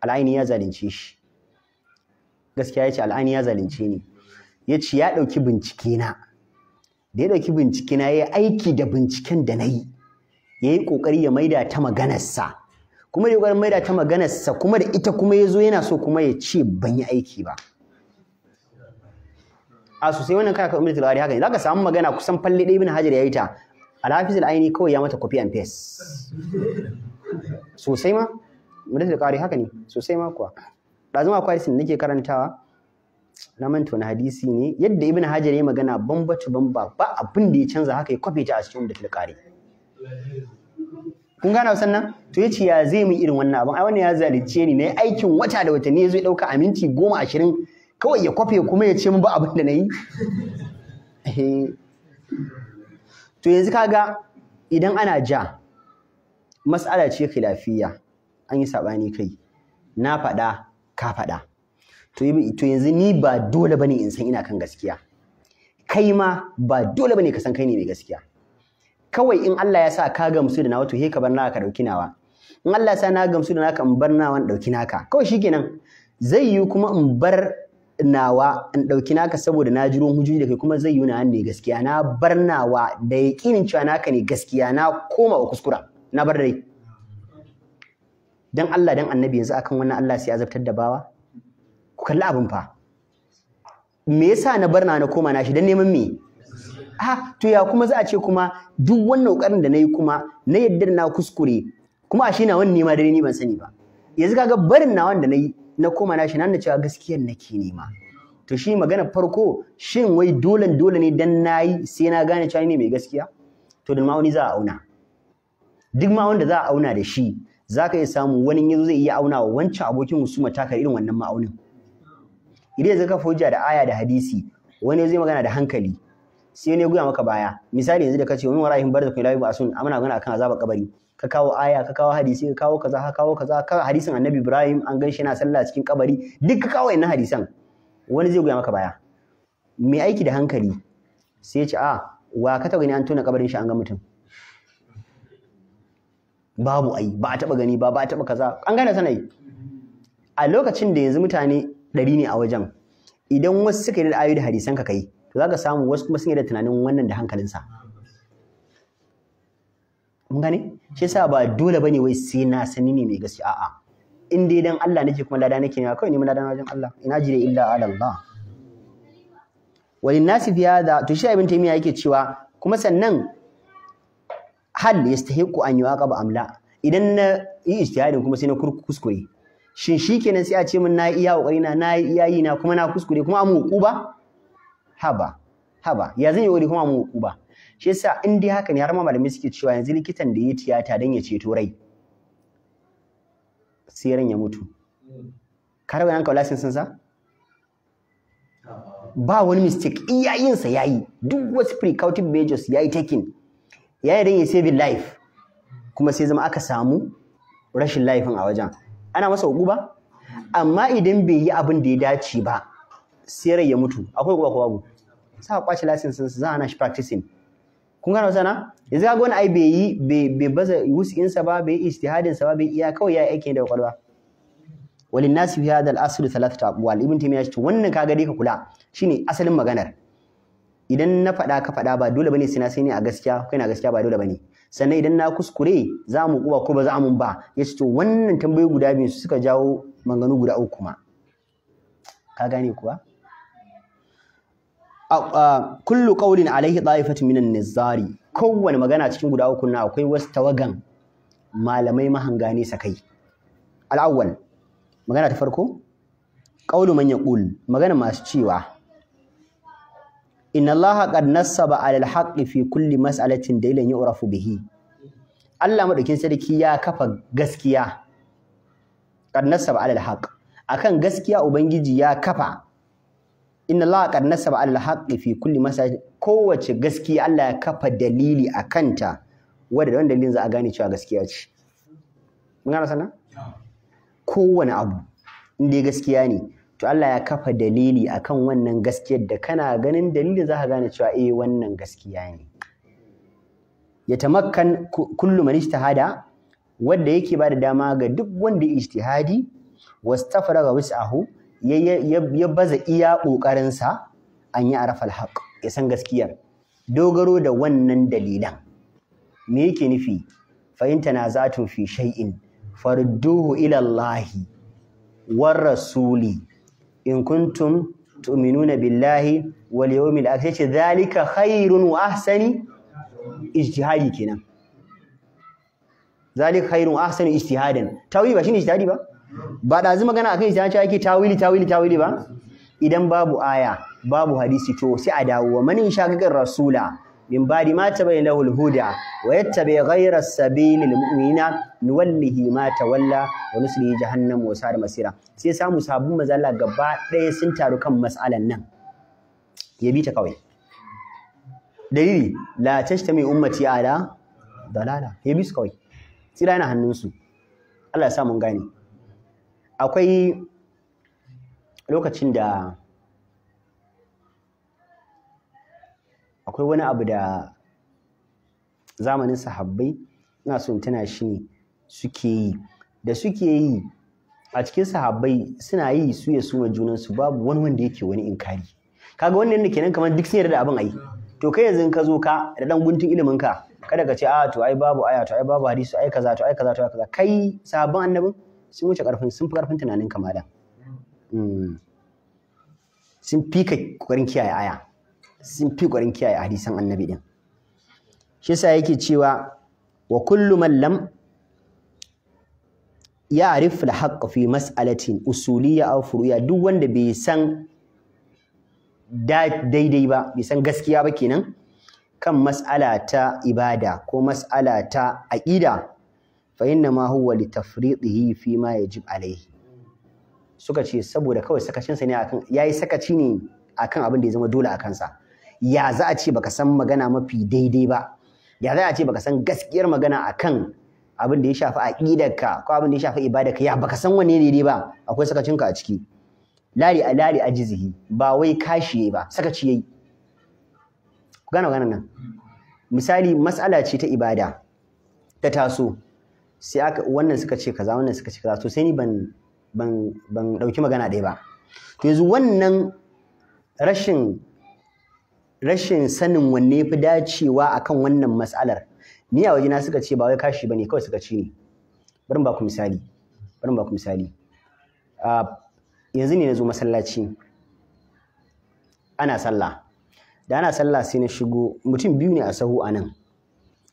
al'aini ya zalunce shi gaskiya ya ce al'ani ya zalunce ni ya ce ya ɗauki bincike na da ya ɗauki bincike na ya yi aiki da binciken da na yi ya yi ƙoƙari ya maida ta maganarsa kuma da ƙoƙarin maida ta maganarsa kuma da ita kuma ya zo yana so kuma ya ce ban yi aiki ba a sosai wannan kana da umar tilawari haka ne za ka samu magana kusan falle ɗaya bin hajar ya yi ta alhafiz al'aini kawai ya mata copy and paste sosai ma mudatul qari haka ne sosai ma kuwa ɗazun akwai na nake karantawa na manta wani hadisi ne yadda ibn hajar ya magana bambatu bamba ba abin da ya canza haka ya kwafe ta a cikin umdatul qari kun gane wasan nan to yace ya zai min irin wannan abin ai wannan ya zalice ni nayi aikin wata da watanni ya zo dauka a minti goma ashirin kawai ya kwafe kuma ya ce min ba abin da nayi eh. to yanzu kaga idan ana ja mas'ala ce khilafiyya an yi sabani kai na faɗa ka faɗa to yanzu ni ba dole bane in san ina kan gaskiya kai ma ba dole bane ka san kai ne mai gaskiya kawai in Allah ya sa ka gamsu da nawa to he ka bar nawa ka dauki nawa in Allah ya sa na gamsu da naka in bar nawa in dauki naka kawai shikenan zai yi kuma in bar nawa in dauki naka saboda na ji ruwan hujjoji da kai kuma zai yi na ne gaskiya na bar nawa da yakinin cewa naka ne gaskiya na koma wa kuskura na bar dai dan Allah dan annabi yanzu akan wannan Allah sai azabtar da bawa ku kalli abin fa me yasa na barna na koma na shi dan neman me ah to ya kuma za a ce kuma duk wannan kokarin da nayi kuma na yadda na kuskure kuma ashe na wani nema dare ni ban sani ba yanzu kaga barin na wanda nayi na koma na shi nan da cewa gaskiyar nake nema to shi magana farko shin wai dole dole ne dan nayi sai na gane cewa ne mai gaskiya to da wani za a auna duk ma wanda za a auna da shi za ka iya samu wani yanzu zai iya auna wa wancan abokin husuma taka irin wannan ma'aunin idan zai kafa hujja da aya da hadisi wani zai magana da hankali sai ne guya maka baya misali yanzu da kace wani wara'in barza kun ba sun amana gana akan azabar kabari ka kawo aya ka kawo hadisi ka kawo kaza ka kawo kaza ka hadisin annabi ibrahim an ganshi yana sallah cikin kabari duk ka kawo wannan hadisan wani zai guya maka baya mai aiki da hankali sai ya ce a ah, wa ka taɓa gani an tona kabarin shi an ga mutum babu ai ba a taba gani ba ba a taba kaza an gane sanayi a lokacin da yanzu mutane ɗari ne a wajen idan wasu suka yi da ayoyi da hadisan ka kai to za ka samu wasu kuma sun yi da tunanin wannan da hankalinsa mun gane shi yasa ba dole bane wai sai na sani ne mai gaskiya a'a in dai dan Allah nake kuma lada nake ne kawai neman lada wajen Allah ina jira illa ala Allah walin nasi fi hada to shi ibn taymiya yake cewa kuma sannan hal yastahiqu an yuqaba amla idan na yi ijtihadin kuma sai na kuskure shin shikenan sai a ce min nayi iya kokari na nayi iya yi na kuma na kuskure kuma amu hukuba haba haba ya zan yi wuri kuma amu hukuba shi yasa in dai haka ne har ma malamai suke cewa yanzu likitan da ya tiyata dan ya ceto rai sai ran ya mutu ka rawa yanka lasin sun sa ba wani mistake iyayinsa yayi duk wasu precautive measures yayi taking ya yi dan ya saving life kuma sai zama aka samu rashin laifin a wajen ana masa ba? amma idan bai yi abin da ya dace ba sai rai ya mutu akwai uquba ko babu sa kwace license sun za ana shi practicing kun gano sana ya ga wani ai bai yi bai baza wus'in sa ba bai istihadin sa ba bai iya kawai ya aiki da kwalba walin nasi fi hadal aslu thalathatu wal ibn taymiyyah wannan kaga dai ka kula shine asalin maganar idan na faɗa ka faɗa ba dole bane sai na sai a gaskiya kai na gaskiya ba dole bane sannan idan na kuskure za mu kuba ko ba za mu ba ya ce to wannan tambayoyi guda biyu suka jawo manganu guda uku kuma ka gane kuwa kullu qawlin alaihi da'ifatu minan nizari kowanne magana cikin guda uku na akwai wasu tawagan malamai mahangane sakai al'awwal magana ta farko qawlu man yaqul magana masu cewa inna allaha qad nassaba alal haqqi fi kulli mas'alatin dalilan yu'rafu bihi Allah madaukin sarki ya kafa gaskiya qad nassaba alal haqq akan gaskiya ubangiji ya kafa inna allaha qad nassaba alal haqqi fi kulli mas'alatin kowace gaskiya Allah ya kafa dalili a kanta wanda da dalilin za a gane cewa gaskiya ce mun gane sannan? kowane abu inda gaskiya ne to Allah ya kafa dalili akan wannan gaskiyar da kana ganin dalili za ka gane cewa eh wannan gaskiya ne ya tamakkan kullu man ijtihada wanda yake ba da dama ga duk wanda ijtihadi wastafraga wasahu ya baza iya kokarin sa an yi arafal haqq ya san gaskiyar dogaro da wannan dalilan me yake nufi fa in tanaza'tum fi shay'in farduhu ila Allahi war rasuli in kuntum tu'minuna billahi wal yawmil akhir ce zalika khairun wa ahsani ijtihadi kenan zalika khairun wa ahsani ijtihadan tawili ba shine ijtihadi ba ba da zuma magana akan ijtihadi ake tawili tawili tawili ba idan babu aya babu hadisi to sai a dawo wa man rasula min ba'di ma tabayyana huda wa yattabi ghayra as-sabili lil-mu'minina nuwallihi ma tawalla wa nuslihi jahannam wa sa'ir masira sai samu sabon manzo Allah gaba ɗaya sun taru kan mas'alan nan ya bi ta kawai dalili la tashtami ummati ala dalala ya bi su kawai tsira yana hannunsu Allah ya sa mun gane akwai lokacin da akwai wani abu da zamanin sahabbai ina so tana shi ne suke yi da suke yi a cikin sahabbai suna yi su ya suma junansu babu wani wanda yake wani inkari kaga wannan da kenan kamar duk sun yarda da abin ai to kai yanzu ka zo ka da dan guntun ilimin ka kada ka ce a ah, to ai babu aya to ai babu hadisi ai kaza to ai kaza to ai kaza kai sahabban annabin sun wuce karfin sun fi karfin tunanin ka da. Hmm. sun fi kai kokarin kiyaye aya sun fi gwarin kiyaye hadisan annabi din shi yasa yake cewa wa kullu man lam ya'rif al-haqq fi mas'alatin usuliyya aw furuya duk wanda bai san daidai ba bai san gaskiya ba kenan kan mas'ala ta ibada ko mas'ala ta aqida fa inna ma huwa li tafridihi fi ma yajib alayhi suka ce saboda kawai sakacinsa ne akan yayi sakaci ne akan abin da ya zama dole a kansa ya za a ce baka san magana mafi daidai ba ya za a ce baka san gaskiyar magana akan abin da ya shafi ka ko abin da ya shafi ka ya baka san wanne daidai ba akwai ka a ciki lari a lari a ba wai kashi ba sakaci yayi ku gane ganan nan misali mas'ala ce ta ibada ta taso sai aka wannan suka ce kaza wannan suka ce kaza to sai ni ban ban ban dauki magana ɗaya ba to yanzu wannan rashin rashin sanin wanne fi dacewa akan wannan mas'alar ni a wajena suka ce ba wai kashi bane kawai suka ce ne bari ba ku misali bari ba ku misali yanzu ne na zo masallaci ana sallah da ana sallah sai na shigo mutum biyu ne a sahu a nan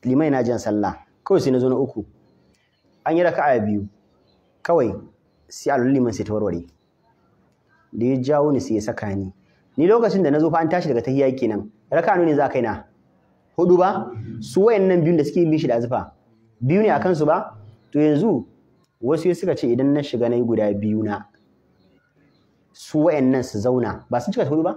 limai na jan sallah kawai sai na zo na uku an yi raka'a biyu kawai sai alulliman sai ta warware da ya jawo ni sai ya saka ni ni lokacin da na zo fa an tashi daga tahiyya kenan raka ne za kai na hudu ba su wayannan biyun da suke bi shi da azufa biyu ne akan su ba to yanzu wasu suka ce idan na shiga na guda biyu na su wayannan su zauna ba sun cika hudu ba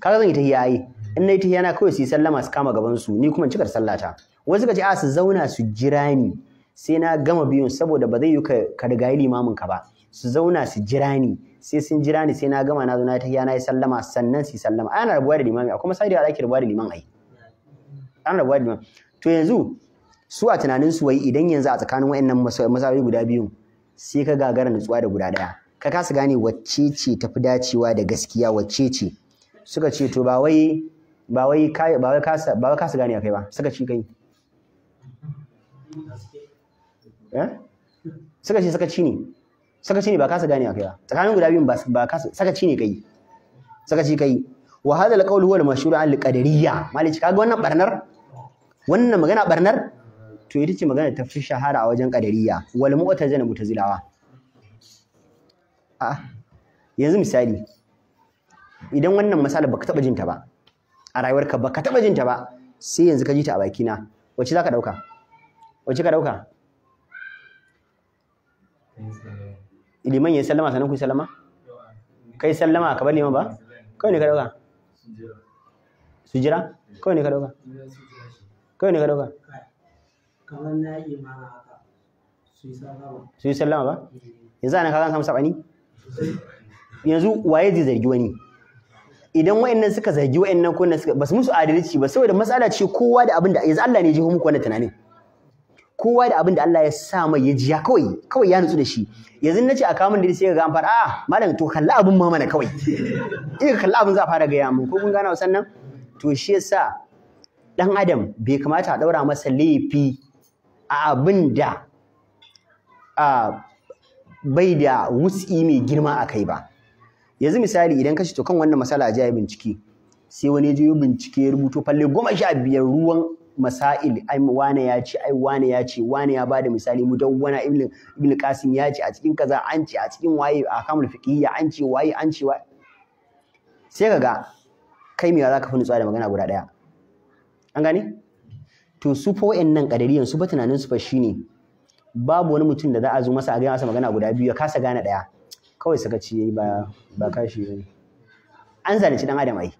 kaga zan yi tahiyya ai in na yi tahiyya na kawai su yi sallama su kama gaban su ni kuma in cika sallata wasu suka ce a su zauna su jira ni sai na gama biyun saboda ba zai yi ka rigayi limamin ka ba su zauna su jira ni sai sun jira ni sai na gama na zo na tahiya na yi sallama sannan su sallama ana rabuwa da limami akwai masai da ake rabuwa da liman ai ana rabuwa da liman to yanzu su a tunanin su wai idan yanzu a tsakanin wayannan masawai guda biyu sai ka gagara nutsuwa da guda daya ka kasa gane wacce ce tafi dacewa da gaskiya wacce ce suka ce to ba wai ba wai ba wai kasa ba wai kasa gane akai ba suka ci kai eh suka ce suka ci ne sakaci ne ba kasa gane akai ba tsakanin guda biyun ba kasa sakaci ne kai sakaci kai wa hadha alqawl huwa al an al malici kaga wannan barnar wannan magana barnar to ita ce magana ta fi shahara a wajen qadariyya wal mu'tazila mutazilawa a yanzu misali idan wannan masala baka taba jinta ba a rayuwarka baka taba jinta ba sai yanzu ka ji ta a bakina wacce zaka dauka wacce ka dauka liman ya sallama sanan ku sallama kai sallama ka bar ma ba kawai ne ka dauka su jira kawai ne ka dauka kawai ne ka dauka kamar na yi ma su yi sallama ba yanzu ana kagan kamsa bani yanzu waye zai zargi wani idan wa'annan suka zargi wa'annan ko ba su musu adalci ba saboda matsala ce kowa da abin da yanzu Allah ne ya ji muku wannan tunanin kowa da abin da Allah ya sa mai ya jiya kawai kawai ya nutsu da shi yanzu nace a kamun da sai ga an fara a ah, malam to kalla abin ma mana kawai in ka kalla abin za a fara gaya mun ko kun gana wasan to shi yasa dan adam bai kamata a daura masa laifi a abin da a bai da wutsi mai girma a kai ba yanzu misali idan ka to kan wannan masala a bincike sai wani ya je bincike ya rubuto falle goma sha biyar ruwan masail ai wane ya ce ai wane ya ce wane ya bada misali mudawwana ibn ibn qasim ya ce a cikin kaza an ce a cikin waye a kamul fiqhiyya an ce waye an ce waye sai kaga kai me za ka fi nutsuwa da magana guda daya an gane to su fa wayannan kadariyan su fa tunanin su fa shine babu wani mutum da za a zo masa a ga masa magana guda biyu ya kasa gane daya kawai sakaci yayi ba ba kashi an zalunci dan adam ai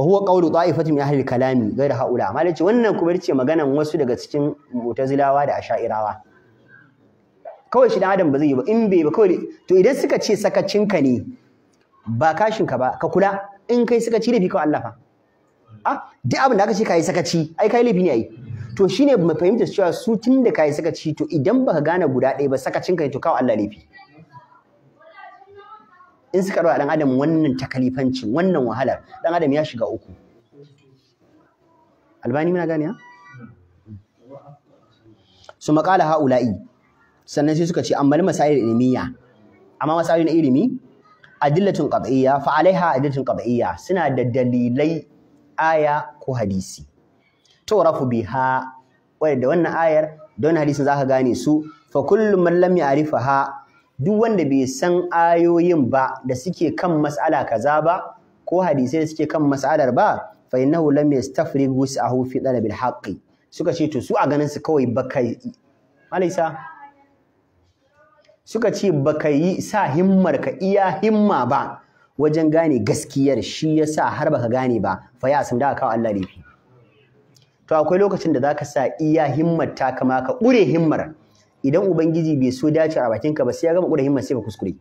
wa huwa qawlu ta'ifatin min ahli kalami ghayra haula malai ce wannan kuma yace maganan wasu daga cikin mu'tazilawa da asha'irawa kawai shi dan adam ba zai yi ba in bai ba kawai to idan suka ce sakacin ka ne ba kashin ka ba ka kula in kai sakaci laifi kawai Allah fa ah duk abin da aka ce kai sakaci ai kai laifi ne ai to shine mu fahimta cewa su tun da kai sakaci to idan baka gane guda ɗaya ba sakacin ka ne to kawai Allah laifi in suka rawa dan adam wannan takalifancin wannan wahalar Ɗan adam ya shiga uku albani muna gane ha su makala ha'ula'i sannan sai suka ce masayar ilimi ilmiya amma masayar na ilimi adillatun fa'alai fa alaiha adillatun qat'iyya suna da dalilai aya ko hadisi to rafu biha wanda da wannan ayar don hadisin zaka gane su fa kullu man lam ya'rifaha duk wanda bai san ayoyin ba da suke kan mas'ala kaza ba ko hadisai da suke kan mas'alar ba fa innahu lam yastafrig wus'ahu fi talabil haqqi suka ce to su a ganin su kawai baka alaisa suka ce baka yi sa himmar ka iya himma ba wajen gane gaskiyar shi yasa har baka gane ba fa ya san da kawo Allah rifi. to akwai lokacin da zaka sa iya himmar ta kama ka ƙure himmar idan ubangiji bai so dace a bakinka ba sai ya gama kuda himman sai ka kuskure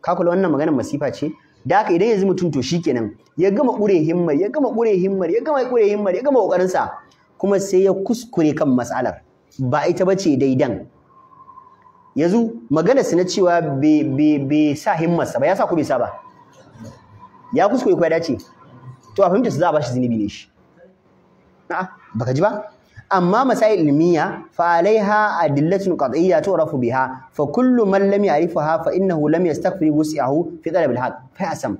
ka kula wannan maganar masifa ce da haka idan yanzu mutum to shikenan ya gama kure himmar ya gama kure himmar ya gama kure himmar ya gama kokarin sa kuma sai ya kuskure kan matsalar ba ita bace daidan yanzu maganar su na cewa bai sa himmarsa ba ya sa ku bai sa ba ya kuskure ko ya dace to a fahimta su za a bashi zunubi ne shi a'a baka ji ba amma masai ilmiya fa alaiha adillatun qat'iyya tu'rafu biha fa kullu man lam ya'rifaha fa innahu lam yastaghfir wus'ahu fi talab al fa asam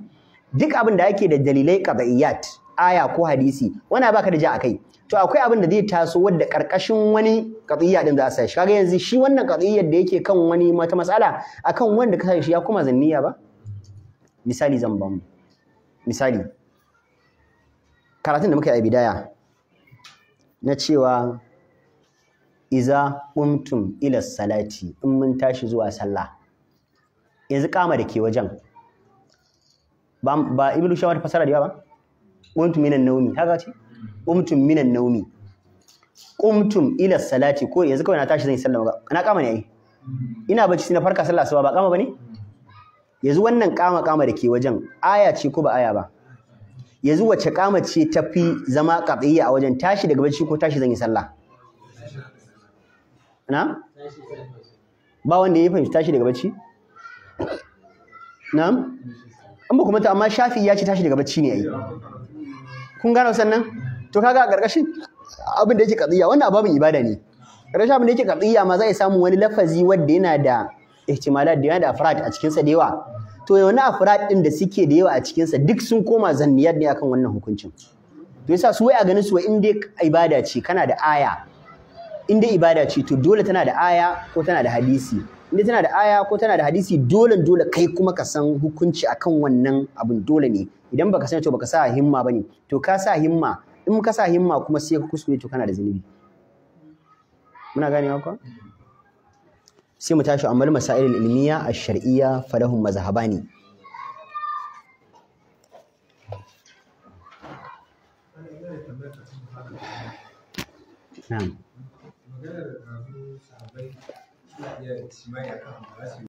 duk abin da yake da dalilai qat'iyyat aya ko hadisi wani baka da ja akai to akwai abin da zai taso wanda karkashin wani qat'iyya din za a kaga yanzu shi wannan qat'iyyar da yake kan wani mata matsala akan wanda ka shi ya kuma zanniya ba misali zan misali karatun da muka yi a bidaya na cewa iza umtum ila salati in mun tashi zuwa sallah yanzu kama da ke wajen ba ba ibnu shawar fasara da ba umtum minan naumi haka ce umtum minan naumi umtum ila salati ko yanzu kawai na tashi zan yi sallah na kama ne ai ina bacci sai na farka sallah sai ba kama bane yanzu wannan kama kama da ke wajen aya ce ko ba aya ba yanzu wacce kama ce ta fi zama qat'iyya a wajen tashi daga bacci ko tashi zan yi sallah na ba wanda ya fahimci tashi daga bacci na an ba kuma ta amma shafi ya ce tashi daga bacci ne ai kun gano sannan to kaga a ƙarƙashin abin da yake qat'iyya wannan ababin ibada ne ƙarƙashin abin da yake qat'iyya ma za a samu wani lafazi wanda yana da ihtimalat da yana da afrat a cikin sa da yawa to na afrad ɗin da suke da yawa a cikinsa duk sun koma zanniyar ne akan wannan hukuncin to yasa su wai a ganin su wai in ibada ce kana da aya in ibada ce to dole tana da aya ko tana da hadisi inda tana da aya ko tana da hadisi dole dole kai kuma ka san hukunci akan wannan abun dole ne idan baka san to baka sa himma bane to ka sa himma in ka sa himma kuma sai ka kuskure to kana da zunubi muna ganewa ko سي تاشو أمال مسائل الإلمية الشرعية فلهم مذهباني نعم